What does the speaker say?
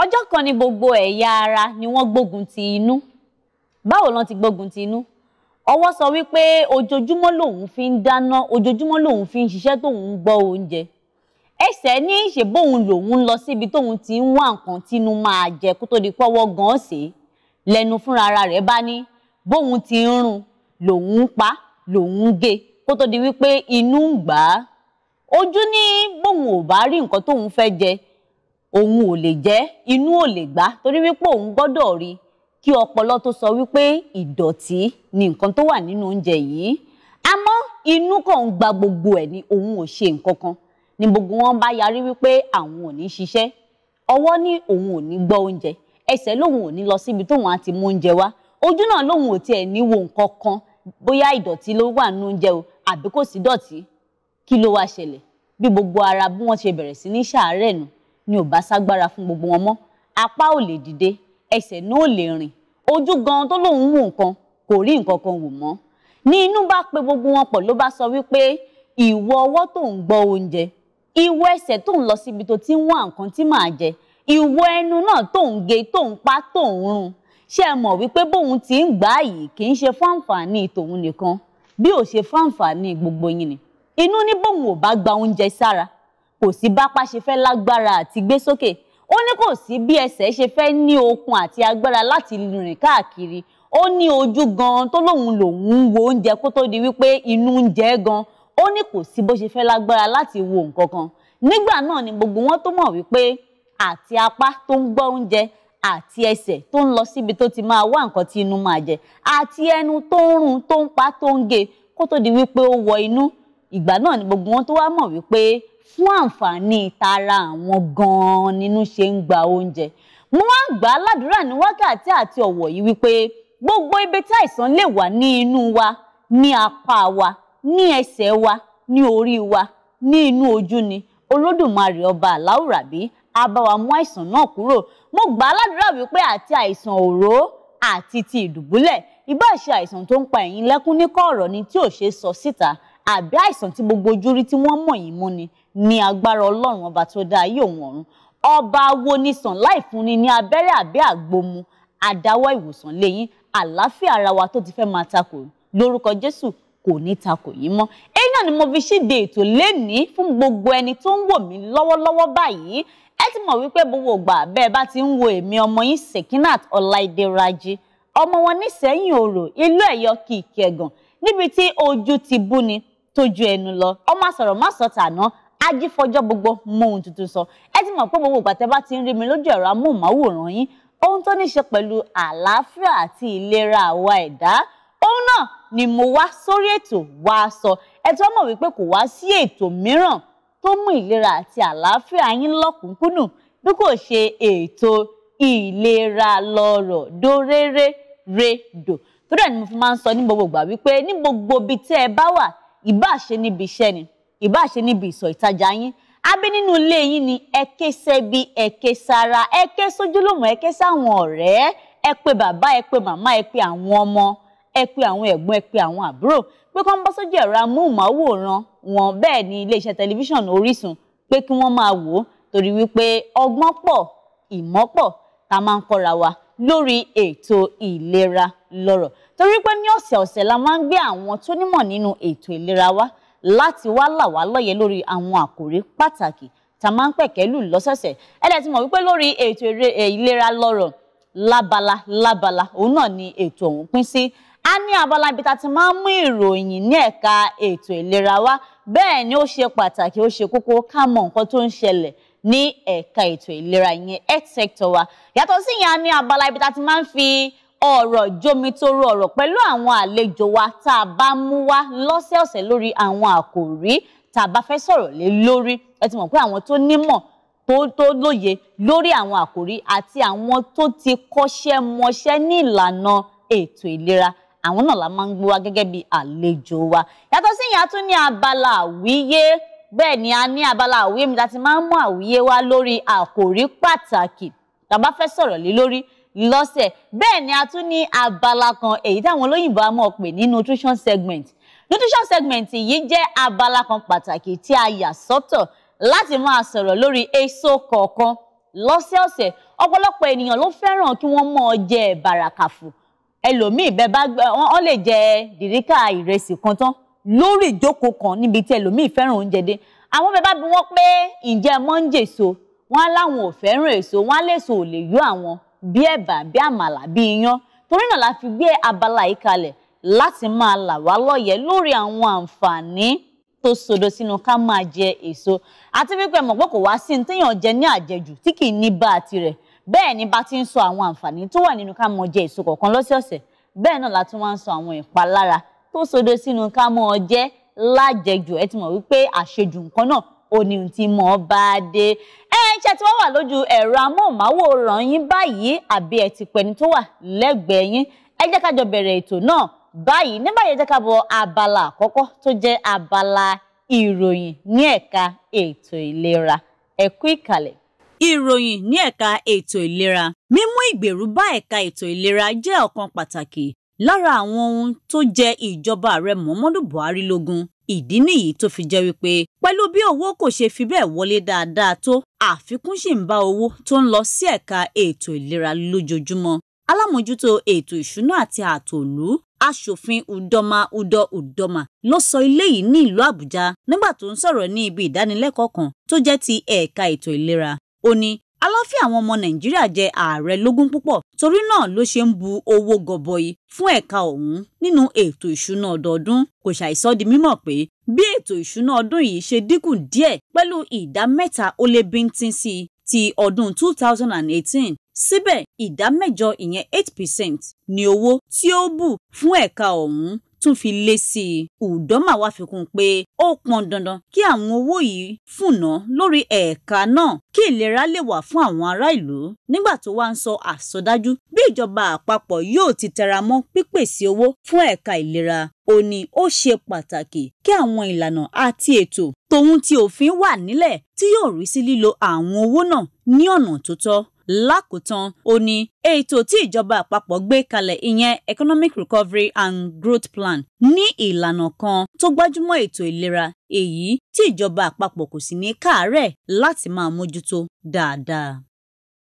ọjọ́ kan ni gbogbo ẹ̀yà ara ni wọ́n gbógun ti inú báwo lọ́n ti gbógun ti inú ọwọ́ sọ wípé ojoojúmọ́ lòun fi ń dáná ojoojúmọ́ lòun fi ń ṣiṣẹ́ tóun ń gbọ́ oúnjẹ ẹsẹ̀ ní ṣe bóun lòun ń lọ síbi tóun ti ń wá nǹkan tínú máa jẹ kó tó di pọ́wọ́ gan-an sí fúnra ara rẹ̀ bá ní bóun ti ń rún lòun ń pa lòun ń gé kó tó di wípé inú ń gbà á ojú ní bóun ò bá rí nǹkan tóun fẹ́ jẹ òun ò lè jẹ́ inú ò lè gbà torí wípé òun gbọ́dọ̀ rí kí ọpọlọ tó sọ wípé ìdọ̀tí ni nǹkan tó wà nínú oúnjẹ yìí àmọ́ inú kàn ń gba gbogbo ẹ̀ ni òun ò ṣe nǹkan kan ni gbogbo wọn bá yarí wípé àwọn ò ní ṣiṣẹ́ ọwọ́ ní òun ò ní gbọ́ oúnjẹ ẹsẹ̀ lòun ò ní lọ síbi tóun á ti mú oúnjẹ wá ojú náà lòun ò tiẹ̀ ní wo nǹkan kan bóyá ìdọ̀tí ló wà nínú oúnjẹ o àbí kò sí dọ̀tí kí ló wá ṣẹlẹ̀ bí gbogbo ara bí wọ́n ṣe bẹ̀rẹ̀ sí ní ṣàárẹ̀ nù ni ò bá ságbára fún gbogbo wọn mọ́ apá ò lè dìde ẹsẹ̀ náà ò lè rìn ojú gan tó lòun wò nǹkan kò rí nǹkan kan wò mọ́ ní inú bá pe gbogbo wọn pọ̀ ló bá sọ wípé ìwọ ọwọ́ tó ń gbọ́ oúnjẹ ìwọ ẹsẹ̀ tó ń lọ síbi tó ti ń wá nǹkan tí màá jẹ ìwọ ẹnu náà tó ń ge tó ń pa tó ń rún ṣé ẹ mọ̀ wípé bóun ti ń gbà yìí kì í ṣe fáǹfààní tòun nìkan bí ò ṣe fáǹfààní gbogbo yín ni inú ní bóun ò bá gba oúnjẹ sára kò sí bápá ṣe fẹ́ lágbára àti gbé sókè ó ní kò sí bí ẹsẹ̀ ṣe fẹ́ ní okun àti agbára láti rìn káàkiri ó ní ojú gan tó lóun lòun ń wo oúnjẹ kó tó di wípé inú ń jẹ gan ó ní kò sí bó ṣe fẹ́ lágbára láti wo nǹkan kan nígbà náà ni gbogbo wọn tó mọ̀ wípé àti apá tó ń gbọ́ oúnjẹ àti ẹsẹ̀ tó ń lọ síbi tó ti máa wá nǹkan tí inú máa jẹ àti ẹnu tó ń rún tó ń pa tó ń gé kó tó di wípé ó wọ inú ìgbà náà ni gbogbo wọn tó wá mọ̀ wípé fún àǹfààní tara àwọn gan-an nínú ṣe ń gba oúnjẹ mo wá ń gbà á ládùúrà ní wákàtí àti ọ̀wọ̀ yìí wípé gbogbo ibi tí àìsàn lè wà ní inú wa ní apá wa ní ẹsẹ̀ wa ní orí wa ní inú ojú ni olódùmarè ọba aláwùrábí á bá wa mú àìsàn náà kúrò mo gbà á ládùúrà wípé àti àìsàn òró àti ti ìdùbúlẹ̀ ìbá ṣe àìsàn tó ń pa ẹ̀yin lẹ́kún ní kọ̀ọ̀rọ̀ ni tí ò ṣe sọ síta àbí àìsàn tí gbogbo ojú tí wọ́n mọ̀ yín mú ni ní agbára ọlọ́run ọba tó dá ayé òun ọ̀run ọba wo ni sàn láì fúnni ní abẹ́rẹ́ àbí àgbomu àdáwọ́ ìwòsàn lẹ́yìn àlàáfíà ara wa tó ti fẹ́ máa takò lórúkọ jésù kò ní takò yín mọ́ èyí náà ni mo fi ṣíde ètò lénìí fún gbogbo ẹni tó ń wò mí lọ́wọ́lọ́wọ́ báyìí ẹ ti mọ̀ wípé gbogbo ìgbà bẹ́ẹ̀ bá ti ń wo èmi ọmọ yín Sekinat Ọláìdé Rájí ọmọ wọn nísẹ̀yìn òrò ìlú Ẹ̀yọ́ kìkẹ̀gàn níbi tí ojú ti bú ni tó ju ẹnu lọ ọmọ àsọ̀rọ̀ má sọ tàná ajífọjọ́ gbogbo mọ ohun tuntun sọ ẹ ti mọ̀ pé gbogbo ìgbà tẹ́ bá ti ń rí mi lójú ẹ̀rọ amóhùnmáwòrán yín ohun tó ní ṣe pẹ̀lú àlàáfíà àti ìlera àwa ẹ̀dá òun náà ni mo wá sórí ètò wá sọ ẹ tó mọ̀ wípé kò wá sí ètò mìíràn tó mú ìlera àti àlàáfíà yín lọ́kùnkúndùn bí kò ṣe ètò ìlera lọ́rọ̀ dóréré tó dẹ̀ ni mo fi máa ń sọ ní gbogbo ìgbà wípé ní gbogbo ibi tẹ́ ẹ bá wà ìbá ṣe níbi iṣẹ́ ni ìbá ṣe níbi ìsọ̀ ìtajà yín abí nínú ilé yín ni ẹ ké sẹ́bí ẹ ké sára ẹ ké sójúlùmọ̀ ẹ ké sáwọn ọ̀rẹ́ ẹ pé bàbá ẹ pé màmá ẹ pé àwọn ọmọ ẹ pé àwọn ẹ̀gbọ́n ẹ pé àwọn àbúrò pé kí wọ́n bá sójú ẹ̀rọ amóhùnmáwòrán wọn bẹ́ẹ̀ ni iléeṣẹ́ tẹlifíṣàn Orísun pé kí wọ́n máa wò ó torí wípé ọgbọ́n pọ̀ ìmọ̀ tá a máa ń kọ́ra wa lórí ètò ìlera lọ́rọ̀ torí pé ní ọ̀sẹ̀ ọ̀sẹ̀ la máa ń gbé àwọn tó nímọ̀ nínú ètò ìlera wa láti wá là wá lóye lórí àwọn àkòrí pàtàkì tá a máa ń pẹ̀kẹ́lù lọ́sọ̀ọ̀sẹ̀ ẹlẹ́ẹ̀ ti mọ̀ wípé lórí ètò ìlera lọ́rọ̀ lábala lábala òun náà ni ètò ọ̀hún pín sí a ní abala ibi tá a ti máa ń mú ìròyìn ní ẹ̀ka ètò ìlera wa bẹ́ẹ̀ ni ó ṣe pàtàkì ó ṣe kókó ká mọ nǹkan tó ń ṣẹlẹ̀ ní ẹ̀ka ètò ìlera ìyẹn health sector wa yàtọ̀ sí ìyẹn ní abala ibi tá a ti máa ń fi ọ̀rọ̀ jomitoro ọ̀rọ̀ pẹ̀lú àwọn àlejò wa tá a bá mú wá lọ́sẹ̀ọ̀sẹ̀ lórí àwọn àkòrí tá a bá fẹ́ sọ̀rọ̀ lé lórí ẹ ti mọ̀ pé àwọn tó nímọ̀ tó tó lóye lórí àwọn àkòrí àti àwọn tó ti kọ́ṣẹ́ mọṣẹ́ ní ìlànà ètò ìlera àwọn náà la máa ń gbọ́ wá gẹ́gẹ́ bí àlejò wa yàtọ̀ sí ìyẹn tún ní abala àwíyé bẹ́ẹ̀ ni a ní abala àwíyé mi láti máa ń mú àwíyé wá lórí àkòrí pàtàkì tàbá fẹ́ sọ̀rọ̀ lé lórí lọ́sẹ̀ bẹ́ẹ̀ ni a tún ní abala kan èyí táwọn olóyìnbó á mọ̀ pé ní nutrition segment nutrition segment yìí jẹ́ abala kan pàtàkì tí a yà sọ́tọ̀ láti máa sọ̀rọ̀ lórí èso kọ̀ọ̀kan lọ́sẹ̀ọ̀sẹ̀ ọ̀pọ̀lọpọ̀ ènìyàn ló fẹ́ràn kí wọ́n mọ̀ jẹ bàràkàfù ẹlòmíì bẹ́ẹ̀ bá wọ́n lè jẹ dìríkà ìrẹsì kan tán lórí ìjókòó kan níbi tí ẹlòmíì fẹ́ràn oúnjẹ dé àwọn bẹ́ẹ̀ bá bi wọ́n pé ǹjẹ́ ẹ mọ̀ ń jèso wọ́n á láwọn ò fẹ́ràn èso wọ́n á lè so ò lè yó àwọn bí ẹ̀bà bí àmàlà bí iyán torí náà la fi gbé abala yìí kalẹ̀ láti máa là wá lọ́yẹ̀ lórí àwọn àǹfààní tó sodo sínú ká máa jẹ èso àti wípé mọ̀ pé kò wá sí ní téèyàn jẹ ní àjẹjù tí kì í ní bá a tirẹ̀ bẹ́ẹ̀ ni bá ti ń sọ àwọn àǹfààní tó wà nínú ká mọ jẹ èso kọ̀ọ̀kan lọ́sọ̀ọ̀sẹ̀ bẹ́ẹ̀ náà la tún wá ń sọ àwọn ìpalára tó sodo sínú ká mọ́ ọ jẹ́ lájẹjù ẹ ti mọ̀ wípé àṣejù nǹkan náà ó ní ohun tí mo bá dé ẹ ṣe tí wọ́n wà lójú ẹ̀rọ amóhùnmáwòrán yín báyìí àbí ẹ ti pẹni tó wà lẹ́gbẹ̀ẹ́ yín ẹ jẹ́ ká jọ bẹ̀rẹ̀ ètò náà báyìí ní báyìí ẹ ká bọ abala àkọ́kọ́ tó jẹ́ abala ìròyìn ní ẹ̀ka ètò ìlera ẹ kú ìkàlẹ̀ ìròyìn ní ẹ̀ka ètò ìlera mímú ìgbèrú bá ẹ̀ka ètò ìlera jẹ́ ọ̀kan pàtàkì lára àwọn ohun tó jẹ ìjọba ààrẹ muhammadu buhari lógún ìdí nìyí tó fi jẹ́ wípé pẹ̀lú bí owó kò ṣe fi bẹ́ẹ̀ wọlé dáadáa tó àfikún sì ń bá owó tó ń lọ sí ẹ̀ka ètò ìlera lójoojúmọ́ alámòjútó ètò ìṣúná àti àtòlú aṣòfin udoma udo udoma ló sọ eléyìí ní ìlú àbújá nígbà tó ń sọ̀rọ̀ ní ibi ìdánilẹ́kọ̀ọ́ kan tó jẹ́ ti ẹ̀ka ètò ìlera ó ní aláfíà àwọn ọmọ nàìjíríà jẹ ààrẹ lógún púpọ̀ torí náà ló ṣe ń bu owó gọbọi fún ẹ̀ka ọ̀hún nínú ètò ìṣúná ọdọọdún kò ṣàìsọ di mímọ̀ pé bí ètò ìṣúná ọdún yìí ṣe dínkù díẹ̀ pẹ̀lú ìdá mẹ́ta ó lé bíntín sí i ti ọdún 2018 síbẹ̀ ìdá mẹ́jọ ìyẹn 8 percent ni owó tí ó bù fún ẹ̀ka ọ̀hún tún fi lé sí i. Udoma wá fi kún un pé ó pọn dandan kí àwọn owó yìí fúnná lórí ẹ̀ka náà kí ìlera lè wà fún àwọn ará ìlú nígbà tó wá ń sọ àsọdájú bí ìjọba àpapọ̀ yóò ti tẹra mọ́ pípèsè owó fún ẹ̀ka ìlera ó ní ó ṣe pàtàkì kí àwọn ìlànà àti ètò tòun ti òfin wà nílẹ̀ tí yóò rí sí lílo àwọn owó náà ní ọ̀nà tó tọ́ lákòótán ó ní ètò tí ìjọba àpapọ̀ gbé kalẹ̀ ìyẹn economic recovery and growth plan ní ìlànà kan tó gbájúmọ́ ètò ìlera èyí tí ìjọba àpapọ̀ kò sì ní káàárẹ̀ láti máa mójútó dáadáa.